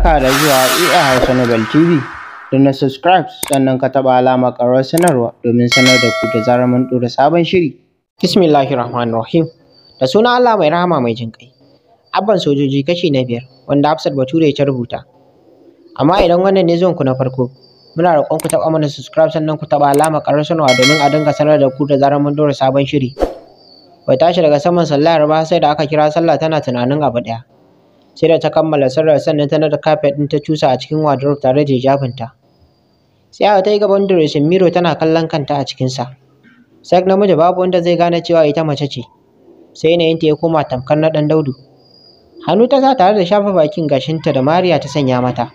Barka da zuwa EA Hausa Nobel TV. Da na subscribe sannan ka taɓa alama ƙarar sanarwa domin sanar da ku da zarar mun ɗora sabon shiri. Bismillahir Rahmanir Rahim. Da suna Allah mai rahama mai jin ƙai. Abban sojoji kashi na biyar wanda Hafsat Bature ta rubuta. Amma idan wannan ne zan na farko, muna roƙon ku taba mana subscribe sannan ku taɓa alama ƙarar sanarwa domin a dinga sanar da ku da zarar mun ɗora sabon shiri. Bai tashi daga saman sallar ba sai da aka kira sallah tana tunanin abu ɗaya. sai da ta kammala sarrar sannan ta nada kafet ɗin ta cusa a cikin wardrobe tare da hijabinta. aka ta yi gaban dressing mirror tana kallon kanta a cikinsa. Sak namiji babu wanda zai gane cewa ita mace ce. Sai yanayinta ya koma tamkar na ɗan daudu. Hannu ta sa tare da shafa bakin gashinta da Mariya ta sanya mata.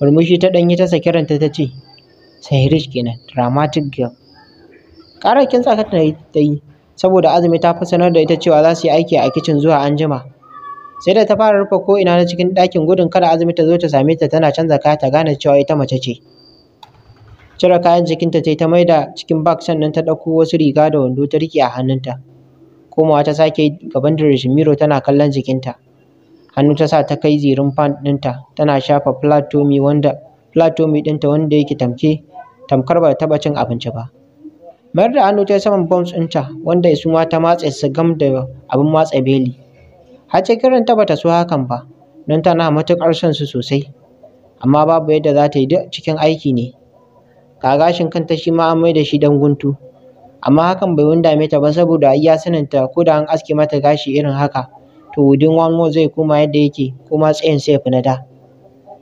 Murmushi ta ɗanyi ta saki ranta ta ce, Sai Rich kenan, dramatic girl. Ƙarar kin tsaka ta yi saboda azumi ta fi sanar da ita cewa za su yi aiki a kicin zuwa anjima. sai da ta fara rufe ko'ina na cikin ɗakin gudun kada azumi ta zo ta same ta tana canza kaya ta gane cewa ita mace ce cire kayan jikinta ta yi ta maida cikin bag sannan ta ɗauko wasu riga da wando ta riƙe a hannunta komawa ta sake gaban dirishin miro tana kallon jikinta hannu ta sa ta kai zirin fan ɗinta tana shafa platomi wanda platomi ɗinta wanda yake tamke tamkar ba taɓa cin abinci ba mayar da hannu ta yi saman bombs ɗinta wanda su ma ta matse su gam da abin matse beli Hace ta bata so hakan ba, don tana matuƙar son su sosai. Amma babu yadda za ta yi cikin aiki ne. Kagashin kanta shi ma an mai da shi dan guntu. Amma hakan bai wundame ta ba saboda iya saninta ko da an aske mata gashi irin haka, to wudin one more zai koma yadda yake kuma tsayin sai fi na da.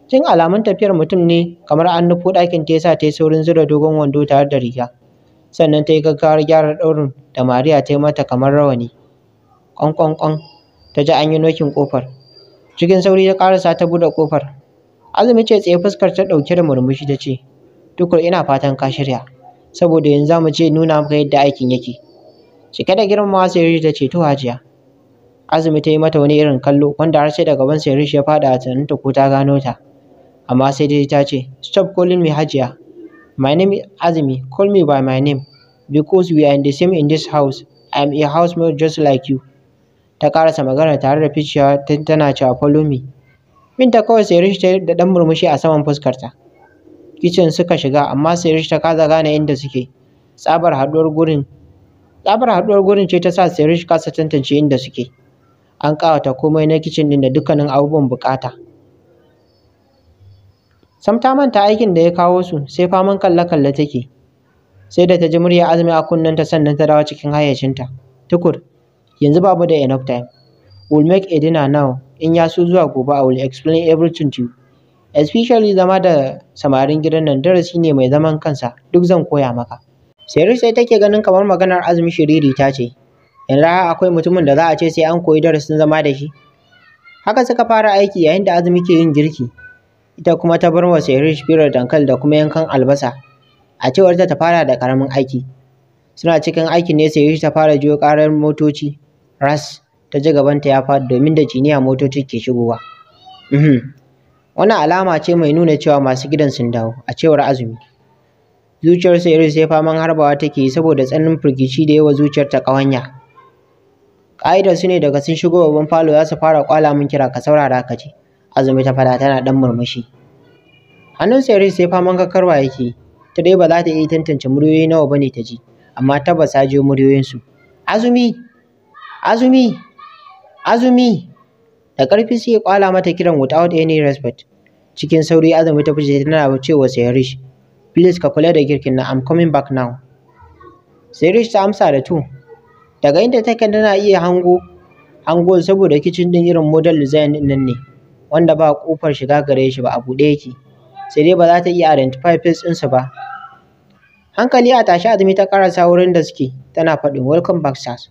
Cin alamun tafiyar mutum ne kamar an nufo ɗakin ta yasa ta yi saurin zura dogon wando tare da riga. Sannan ta yi gaggawar gyara ɗaurin da Mariya ta yi mata kamar rawani. Ƙwanƙwanƙwan ta ji an yi nokin ƙofar. Cikin sauri ta ƙarasa ta buɗe ƙofar. Azumi ce tsaye fuskar ta ɗauke da murmushi ta ce, Tukur ina fatan ka shirya, saboda yanzu za mu ce nuna maka yadda aikin yake. Cike da girmamawa sai ta ce to hajiya. Azumi ta yi mata wani irin kallo wanda har sai da gaban sai ya faɗa a tunaninta ko ta gano ta. Amma sai dai ta ce, Stop calling me hajiya. My name is Azumi, call me by my name. Because we are in the same in this house, I am a housemaid just like you. ta karasa magana tare da ficewa tana cewa follow me binta kawai sayarish ta da dan murmushi a saman fuskarta kicin suka shiga amma sayarish ta kaza gane inda suke tsabar haɗuwar gurin tsabar haduwar gurin ce ta sa ta kasa tantance inda suke an kawata komai na kicin din da dukkanin abubuwan bukata sam ta manta aikin da ya kawo su sai faman kalle kalle take sai da ta ji murya azumi a kunnen ta sannan ta dawo cikin hayyacinta tukur Yanzu babu da enough time. We'll make a dinner now. In ya so zuwa gobe I will explain everything to you. Especially zama da samarin gidan nan darasi ne mai zaman kansa. Duk zan koya maka. Sai sai take ganin kamar maganar Azumi ta ce. Yanzu har akwai mutumin da za a ce sai an koyi darasin zama da shi. Haka suka fara aiki yayin da Azumi ke yin girki. Ita kuma ta bar wa Sairu firar dankali da kuma yankan albasa. A cewar ta ta fara da karamin aiki. Suna cikin aikin ne shi ta fara jiyo karar motoci. ras ta ji gabanta ya faɗi domin da jiniya motoci ke shigowa uhm, Wani alama ce mai nuna cewa masu gidan sun dawo a cewar azumi zuciyar sa sayar sai faman harbawa take yi saboda tsanin firgici da yawa zuciyar ta ƙawanya ƙa'idar su ne daga sun shigo babban falo za su fara kwala mun kira ka saurara ka ce azumi ta fada tana dan murmushi hannun sayar sai faman kakarwa yake ta dai ba za ta iya tantance muryoyi nawa bane ta ji amma tabbas ta jiyo muryoyinsu azumi Azumi, Azumi, da ƙarfi sai ya kwala mata kiran without any respect. Cikin sauri Azumi ta fice tana cewa Sayarish, please ka kula da girkin na I'm coming back now. Sayarish ta amsa da to. Daga inda take tana iya hango hango saboda kicin din irin model design din nan ne wanda ba kofar shiga gare shi ba a buɗe yake. Sai dai ba za ta iya identify face ɗinsa ba. Hankali a tashi Azumi ta karasa wurin da suke tana faɗin welcome back stars.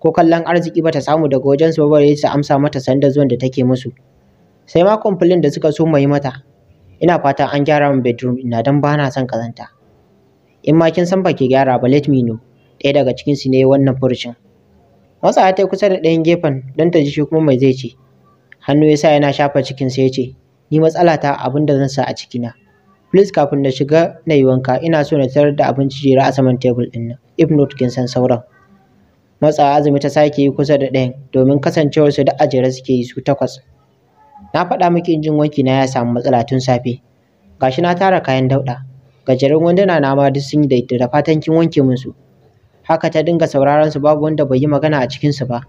ko kallon arziki ba ta samu daga wajen su bare ta amsa mata sanda zuwan da take musu sai ma complain da suka so mai mata ina fata an gyara min bedroom ina dan bana son kazanta in ma kin san ke gyara ba let me know ɗaya daga cikin su ne wannan furucin Masa ta kusa da ɗayan gefen dan ta ji shi kuma mai zai ce hannu ya sa yana shafa cikin sai ya ce ni matsala ta abin da zan sa a na. please kafin na shiga na yi wanka ina so na tarar da abinci jera a saman tebul ɗin nan if not kin san sauran matsa azumi ta sake yi kusa da ɗayan domin kasancewar su duk ajiyar suke yi su takwas na faɗa miki injin wanki na ya samu matsala tun safe gashi na tara kayan dauɗa gajeren wanduna na ma duk sun yi da fatan kin wanke min su haka ta dinga sauraron su babu wanda bai yi magana a cikin su ba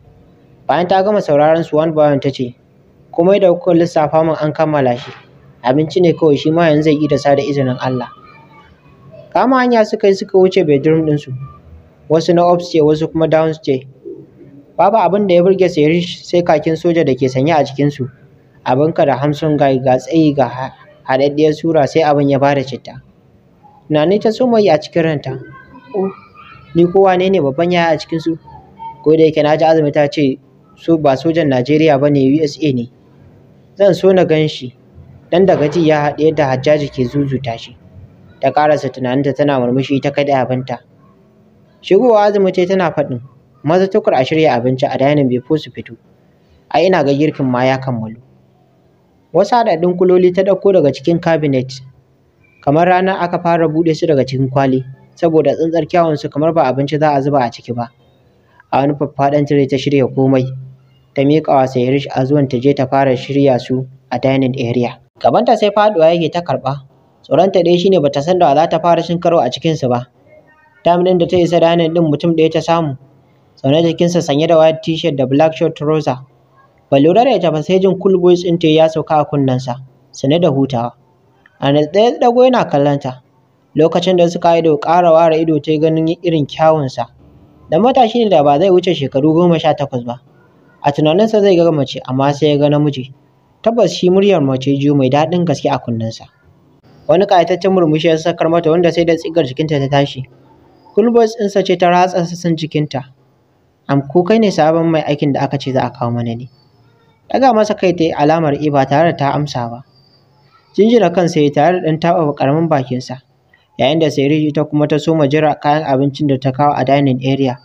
bayan ta gama sauraron su one bayan ta ce komai da kuka lissafa min an kammala shi abinci ne kawai shi ma yanzu zai yi da sa da izinin Allah kama hanya suka yi suka wuce bedroom ɗinsu wasu na ups ce wasu kuma downs ce babu abin da ya burge Sirish sai kakin soja da ke sanye a jikinsu abinka da hamsin ga ga tsayi ga haɗaɗɗiyar sura sai abin ya bada citta tunani ta so mai a cikin ranta oh ni kowa ne ne babban yaya a cikinsu ko da yake na ji azumi ta ce su ba sojan Najeriya ba ne USA ne zan so na gan shi dan daga ji ya haɗe da hajjaji ke zuzuta shi ta ƙarasa tunaninta tana murmushi ta kaɗa abinta Shigowa Azumi ce tana faɗin, maza tukur a shirya abinci a dainin bai su fito, ai ina ga girkin ma ya kammalu. Wasu haɗaɗɗun kuloli ta ɗauko daga cikin Kabinet, kamar ranar aka fara buɗe su daga cikin kwali, saboda tsantsar kyawunsu kamar ba abinci za a zuba a ciki ba. A wani faffaɗan tire ta shirya komai, ta miƙa wa a zuwan ta je ta fara shirya su a dining area. Gabanta sai faɗuwa yake ta karɓa, tsoronta dai shine bata san da za ta fara shinkarwa a a cikinsu ba. Dam ɗin da ta isa danin ɗin mutum ɗaya ta samu. Zaune jikinsa sanye da white t-shirt da black short trouser. Ba lura da ita ba sai jin cool boys ɗin ta ya sauka a kunnensa, sanye da hutawa. A ɗaya ɗago yana kallonta Lokacin da suka ido ƙara ware ido ta ganin irin kyawunsa. Da matashi ne da ba zai wuce shekaru goma sha takwas ba. A tunaninsa zai ga mace amma sai ya ga namiji. Tabbas shi muryar mace jiyo mai daɗin gaske a kunnensa. Wani ƙayataccen murmushi ya sakar mata wanda sai da tsigar jikinta ta tashi. Gulbos ɗinsa ce ta ratsa sassan jikinta. Am ko kai ne sabon mai aikin da aka ce za a kawo mana ne? Daga masa kai ta yi alamar iba e tare da ta amsa ba. Jinjira kan ya tare da ɗan taɓa ƙaramin bakinsa. Yayin da riji ita kuma ta soma jira kayan abincin da ta kawo a dining area.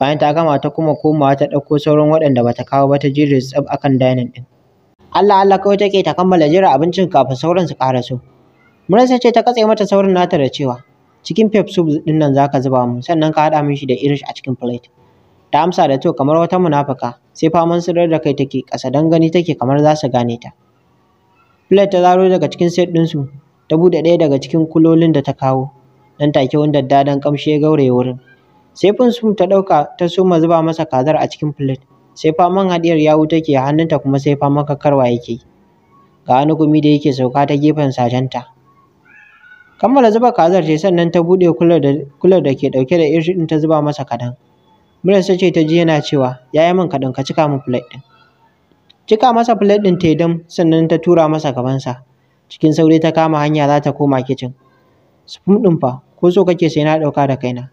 Bayan ta gama ta kuma komawa ta ɗauko sauran waɗanda ba ta kawo ba ta jira tsab akan dining ɗin. Allah Allah kawai take ta kammala jira abincin kafin sauran su ƙaraso. Murasa ce ta katse mata saurin nata da cewa cikin pep soup din nan zaka zuba mu sannan ka haɗa min shi da irish a cikin plate ta amsa da to kamar wata munafuka sai faman sirar da kai take kasa don gani take kamar za su gane ta plate ta zaro daga cikin set ɗinsu ta buɗe ɗaya daga cikin kulolin da ta kawo nan take wani daddadan ƙamshi ya gauraye wurin sai fin ta ɗauka ta soma zuba masa kazar a cikin plate sai faman haɗiyar yawu take hannunta kuma sai faman kakarwa yake ga wani gumi da yake sauka ta gefen sajenta Kammala zuba kazar ce sannan ta buɗe kular da ke ɗauke da irish ɗin ta zuba masa kaɗan. Muryar ta ce ta ji yana cewa ya yi min kaɗan ka cika min plate ɗin. Cika masa plate ɗin ta dam sannan ta tura masa gabansa. Cikin sauri ta kama hanya za ta koma kicin. sufum ɗin fa ko so kake sai na ɗauka da kaina.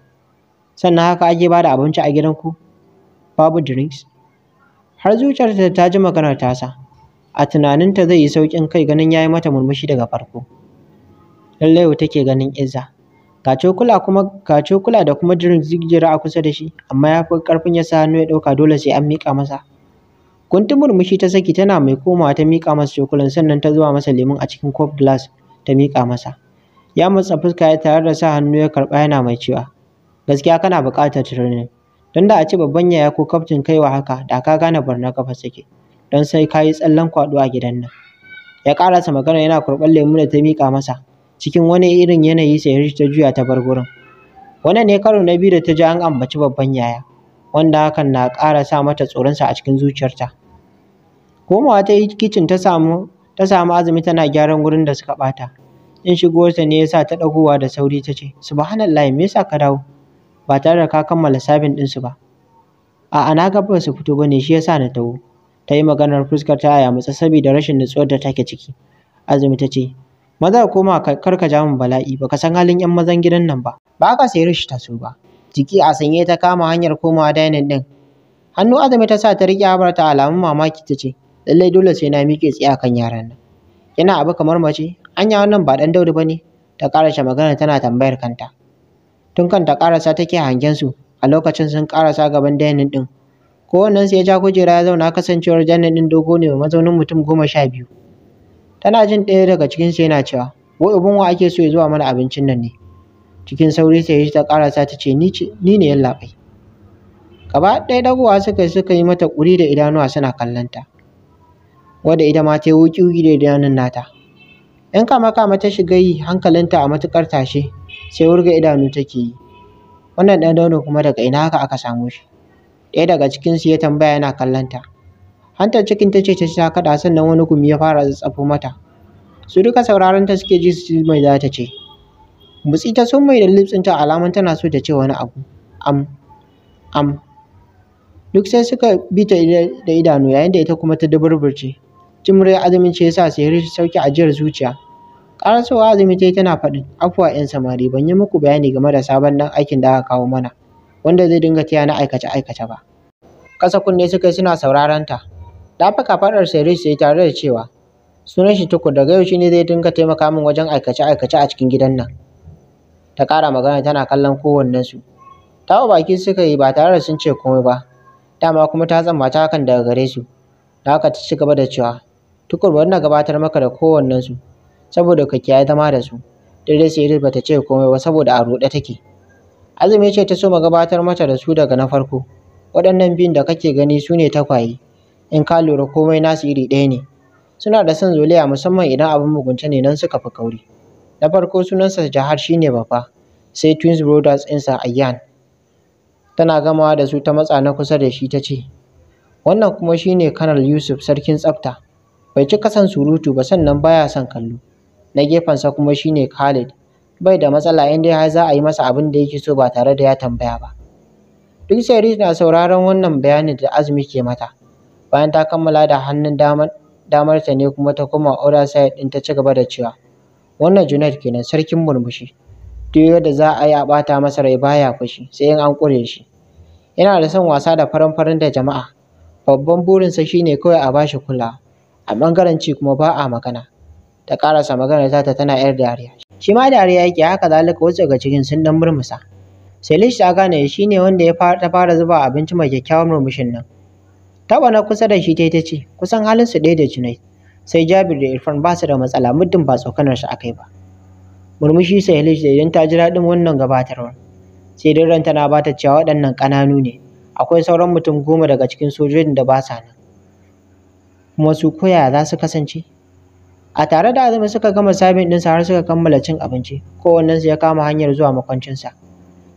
Sannan haka ake ba da abinci a gidanku? Babu drinks? Har zuciyarta ta ji maganar tasa. A tunaninta zai yi sauƙin kai ganin ya yi mata murmushi daga farko. lallai yau take ganin izza ga cokula kuma ga da kuma drink jira a kusa da shi amma ya fi karfin ya sa hannu ya ɗauka dole sai an miƙa masa kuntun murmushi ta saki tana mai komawa ta miƙa masa cokulan sannan ta zuba masa lemun a cikin cup glass ta miƙa masa ya matsa fuska ya tare da sa hannu ya karɓa yana mai cewa gaskiya kana buƙatar training don da a ce babban yaya ko kaftin wa haka da ka gane barna kafa sake don sai ka yi tsallen kwaɗo a gidan nan ya ƙarasa magana yana kurɓar lemu da ta miƙa masa cikin wani irin yanayi Sayyidu ta juya ta bar gurin. Wannan ne karo na biyu da ta ji an ambaci babban yaya, wanda hakan na ƙara sa mata tsoron sa a cikin zuciyarta. Komawa ta yi kicin ta samu ta samu azumi tana gyaran gurin da suka ɓata. In ta ne yasa ta ɗagowa da sauri ta ce, Subhanallah, me yasa ka dawo? Ba tare da ka kammala sabin su ba. A'a na ga ba su fito ba ne shi yasa na taho. Ta yi maganar fuskar ta ya matsa saboda rashin nutsuwar da take ciki. Azumi ta ce, maza ka koma kar ka ja min bala'i ba ka san halin yan mazan gidan nan ba ba ka sayar shi ta so ba jiki a sanye ta kama hanyar komawa dainin din hannu azumi ta sa ta riƙe ta alamun mamaki ta ce lallai dole sai na miƙe tsiya kan yaran nan yana abu kamar mace anya wannan ba dan daudu ba ne, ta sha magana tana tambayar kanta tun kan ta sa take hangen su a lokacin sun ƙarasa gaban dainin din Kowannensu sai ya ja kujera ya zauna kasancewar janin din dogo ne wa mazaunin mutum goma sha biyu Tana jin ɗaya daga cikinsu yana cewa, wai ubin wa ake so ya zuwa mana abincin nan ne. Cikin sauri sai ta sa ta ce, ni ne yallaɓai. Gaba ɗaya dagowa suka suka yi mata ƙuri da idanuwa suna kallonta. Wadda ita ma ta yi wuƙi da idanun nata. ‘Yan kama kama ta shiga yi hankalinta a matuƙar tashe, sai wurga idanu take yi. Wannan ɗan daunin kuma daga ina haka aka samu shi. Ɗaya daga cikinsu ya tambaya yana kallonta. hantar cikin ta ce ta kada sannan wani gumi ya fara tsafo mata su duka sauraron ta suke ji su mai za ta ce mutsi ta sun mai da ta alaman tana so ta ce wani abu am am duk sai suka bi ta da idanu yayin da ita kuma ta daburburce jimrai azumin ce yasa sai sauki ajiyar zuciya karasowa azumi ta yi tana faɗin afuwa yan samari ban yi muku bayani game da sabon nan aikin da aka kawo mana wanda zai dinga taya na aikace aikace ba ƙasa kunne suka yi suna sauraron ta faka faɗar Sairis sai tare da cewa, sunan shi tukur daga yau shine zai dinga taimaka min wajen aikace-aikace a cikin gidan nan. Ta ƙara magana tana kallon kowannensu. Tawa baki suka yi ba tare da sun ce komai ba, dama kuma ta ta hakan daga gare su. Da haka ta ci gaba da cewa, tukur wannan gabatar maka da su saboda ka kiyaye zama da su. Daidai Sairis bata ce komai ba saboda a ruɗe take. Azumi ce ta so gabatar mata da su daga na farko. Waɗannan biyun da kake gani su ne takwaye. in ka lura komai nasu iri ɗaya ne suna da son zoliya musamman idan abin mugunta ne nan suka fi kauri na farko sunansa jahar shine bafa, sai twins brothers insa, ayyan tana gamawa da su ta matsa na kusa da shi ta ce wannan kuma shine kanal yusuf sarkin tsafta bai cika son surutu ba sannan baya son kallo na gefensa kuma shine khalid bai da matsala inda ya za a yi masa abin da yake so ba tare da ya tambaya ba duk sai na sauraron wannan bayanin da azumi ke mata bayan ta kammala da hannun damar damarta ne kuma ta koma other side din ta ci gaba da cewa wannan Junaid kenan sarkin murmushi duk yadda za a yi a ɓata masa rai baya fushi sai in an ƙure shi yana da son wasa da farin farin da jama'a babban burinsa shine kawai a ba shi kulawa a ɓangaren ci kuma ba a magana ta ƙarasa maganar ta tana yar dariya shi ma dariya yake haka zalika wasu daga cikin sun dan murmusa Salisu ta gane shi ne wanda ya fara zuba abinci mai kyakkyawan murmushin nan Taɓa na kusa da shi ta ce, kusan halin su ɗaya da Junaid. Sai Jabir da Irfan ba su da matsala muddin ba tsokanar a akai ba. Murmushi sai Halish da idan ta ji daɗin wannan gabatarwar. Sai dai ran tana bata cewa waɗannan ƙananu ne. Akwai sauran mutum goma daga cikin sojojin da ba sa nan. Kuma su koya za su kasance? A tare da azumi suka gama sabin ɗinsa har suka kammala cin abinci, su ya kama hanyar zuwa makwancinsa.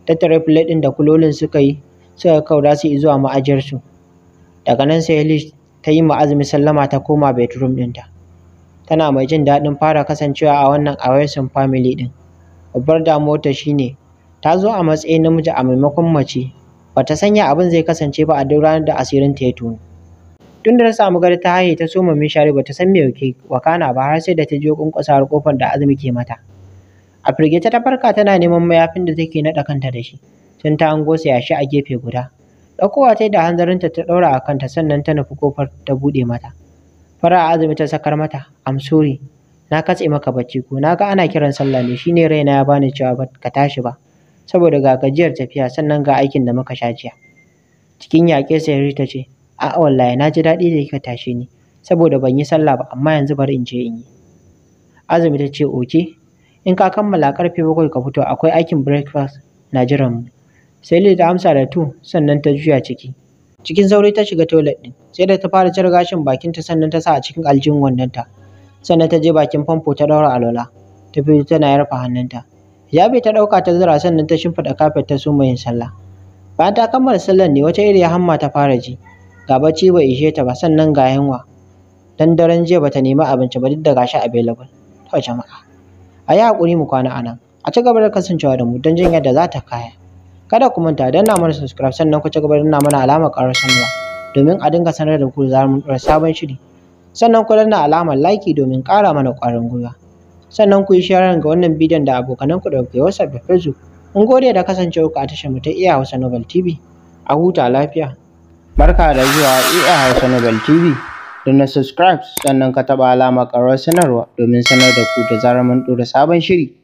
Tattare plate ɗin da kulolin suka yi suka kaura su zuwa ma'ajiyarsu. daga nan sai Helish ta yi ma Azumi sallama ta koma bedroom ta. tana mai jin daɗin fara kasancewa a wannan awesome family ɗin babbar damuwarta shine ta zo a matsayin namiji a maimakon mace bata sanya abin zai kasance ba a duk ranar da asirin ta ya tonu tun da ta samu gari ta haye ta soma share bata san me yake wakana ba har sai da ta je kunkusar kofar da azumi ke mata a firgita ta farka tana neman mayafin da take naɗa kanta da shi tun ta hango a yashi a gefe guda Ɗaukowa ta da hanzarinta ta ɗaura a kanta sannan ta nufi ƙofar ta buɗe mata. Fara azumi ta sakar mata, I'm sorry, na katse maka bacci ko na ga ana kiran sallah ne shine raina ya bani cewa ka tashi ba saboda ga gajiyar tafiya sannan ga aikin da muka sha jiya cikin yaƙe sai ta ce 'A'a wallahi na ji daɗi da kika tashe ni saboda ban yi sallah ba amma yanzu bari in je in yi azumi ta ce oke in ka kammala ƙarfe bakwai ka fito akwai aikin breakfast na jiran mu Sai Lily ta amsa da to sannan ta juya ciki. Cikin sauri ta shiga toilet ɗin, sai da ta fara cire gashin bakin ta sannan ta sa a cikin aljihun ta. Sannan ta je bakin famfo ta daura alwala, ta fito tana yarfa hannunta. Hijabi ta ɗauka ta zura sannan ta shimfiɗa kafet ta suma yin sallah. Bayan ta kammala sallar ne wata iriya hamma ta fara ji. Ga bacci bai ishe ta ba sannan ga yunwa. Dan daren jiya bata nemi abinci ba duk da gashi available. To jama'a. A yi haƙuri mu kwana a nan. A ci gaba da kasancewa da mu don jin yadda za ta kaya. Kada ku manta danna mana subscribe sannan ku ci gaba danna mana alamar karar sanarwa domin a dinga sanar da ku da zarar mun sabon shiri. Sannan ku danna alamar like domin kara mana kwarin gwiwa. Sannan ku yi share ga wannan bidiyon da ku da ku WhatsApp da Facebook. Mun gode da kasancewa ku a tashar mu ta Iya e Hausa Nobel TV. A huta lafiya. Barka da zuwa Iya e Hausa Nobel TV. Da na subscribe sannan ka taba alamar karar sanarwa domin sanar da ku da zarar mun ɗora sabon shiri.